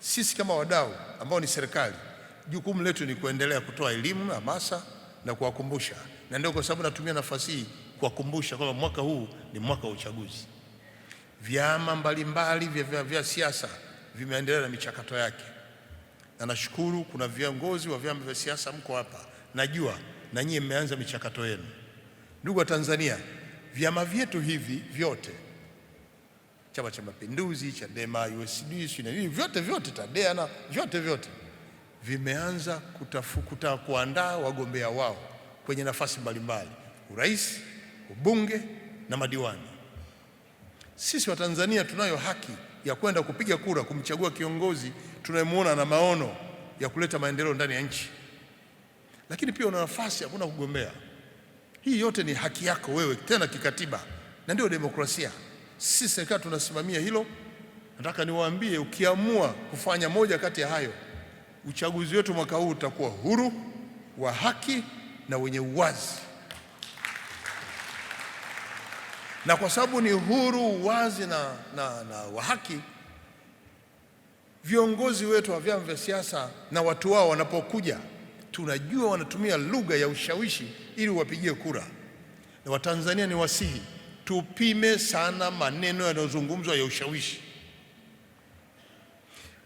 Sisi kama wadau ambao ni serikali, jukumu letu ni kuendelea kutoa elimu, hamasa na kuwakumbusha, na ndio kwa sababu natumia nafasi hii kuwakumbusha kwamba mwaka huu ni mwaka wa uchaguzi. Vyama mbalimbali vya, vya, vya siasa vimeendelea na michakato yake, na nashukuru kuna viongozi wa vyama vya siasa mko hapa, najua na nyie mmeanza michakato yenu. Ndugu wa Tanzania, vyama vyetu hivi vyote Chama cha Mapinduzi, Chadema, USD vyote vyote, Tadea na vyote vyote vimeanza kutafuta kuandaa wagombea wao kwenye nafasi mbalimbali, urais, ubunge na madiwani. Sisi Watanzania tunayo haki ya kwenda kupiga kura kumchagua kiongozi tunayemwona na maono ya kuleta maendeleo ndani ya nchi, lakini pia una nafasi ya kwenda kugombea. Hii yote ni haki yako wewe, tena kikatiba, na ndio demokrasia. Sisi serikali tunasimamia hilo. Nataka niwaambie, ukiamua kufanya moja kati ya hayo, uchaguzi wetu mwaka huu utakuwa huru, wa haki na wenye uwazi. Na kwa sababu ni huru, uwazi na, na, na wa haki, viongozi wetu wa vyama vya siasa na watu wao wanapokuja, tunajua wanatumia lugha ya ushawishi ili wapigie kura, na Watanzania ni wasihi tupime sana maneno yanayozungumzwa ya ushawishi.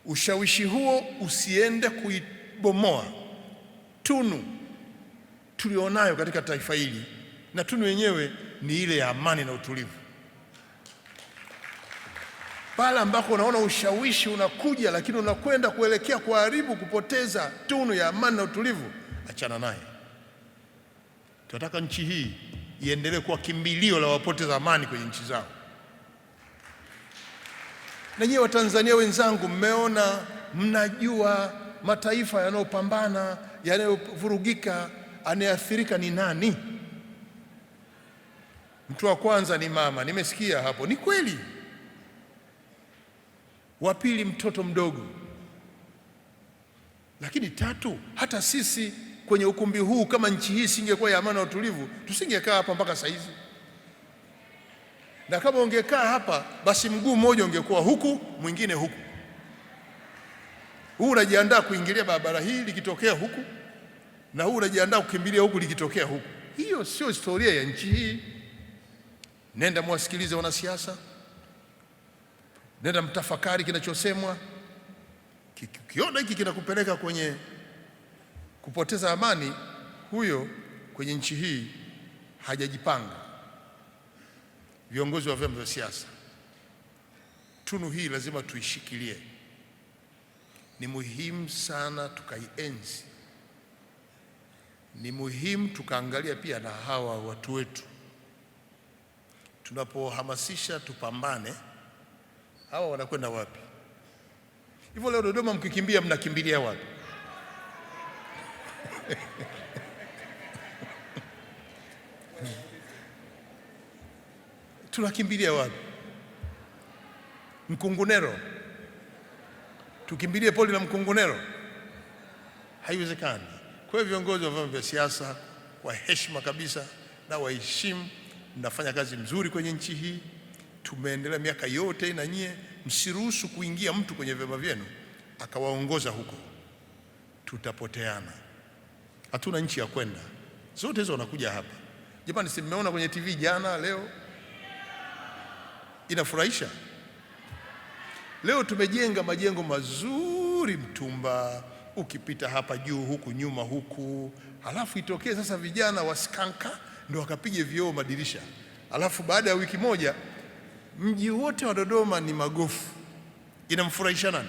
Ushawishi huo usiende kuibomoa tunu tulionayo katika taifa hili, na tunu yenyewe ni ile ya amani na utulivu. Pale ambako unaona ushawishi unakuja, lakini unakwenda kuelekea kuharibu, kupoteza tunu ya amani na utulivu, achana naye. Tunataka nchi hii iendelee kuwa kimbilio la wapoteza amani kwenye nchi zao. Na nyie Watanzania wenzangu, mmeona, mnajua mataifa yanayopambana, yanayovurugika, anayeathirika ni nani? Mtu wa kwanza ni mama, nimesikia hapo, ni kweli. Wa pili mtoto mdogo, lakini tatu hata sisi kwenye ukumbi huu, kama nchi hii singekuwa ya amani na utulivu, tusingekaa hapa mpaka saa hizi. Na kama ungekaa hapa, basi mguu mmoja ungekuwa huku, mwingine huku. Huu unajiandaa kuingilia barabara hii likitokea huku, na huu unajiandaa kukimbilia huku likitokea huku. Hiyo sio historia ya nchi hii. Nenda mwasikilize wanasiasa, nenda mtafakari kinachosemwa. Kiona hiki kinakupeleka kwenye kupoteza amani, huyo kwenye nchi hii hajajipanga. Viongozi wa vyama vya siasa, tunu hii lazima tuishikilie, ni muhimu sana tukaienzi, ni muhimu tukaangalia pia na hawa watu wetu tunapohamasisha tupambane, hawa wanakwenda wapi? Hivyo leo Dodoma mkikimbia, mnakimbilia wapi? tunakimbilia wapi? Mkungunero? Tukimbilie poli la mkungunero? Haiwezekani. Kwa hiyo viongozi wa vyama vya siasa wa heshima kabisa na waheshimu, mnafanya kazi mzuri kwenye nchi hii, tumeendelea miaka yote, na nyie msiruhusu kuingia mtu kwenye vyama vyenu akawaongoza huko, tutapoteana hatuna nchi ya kwenda, zote hizo wanakuja hapa. Jamani, si mmeona kwenye TV jana, leo inafurahisha. Leo tumejenga majengo mazuri Mtumba, ukipita hapa juu huku nyuma huku, halafu itokee sasa vijana waskanka ndio wakapige vioo madirisha, halafu baada ya wiki moja mji wote wa Dodoma ni magofu. Inamfurahisha nani?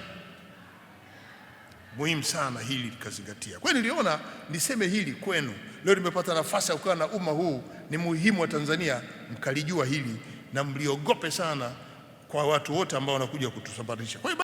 muhimu sana hili likazingatia. Kwa hiyo niliona niseme hili kwenu leo, nimepata nafasi ya kukaa na umma huu, ni muhimu wa Tanzania mkalijua hili na mliogope sana kwa watu wote ambao wanakuja kutusambanisha.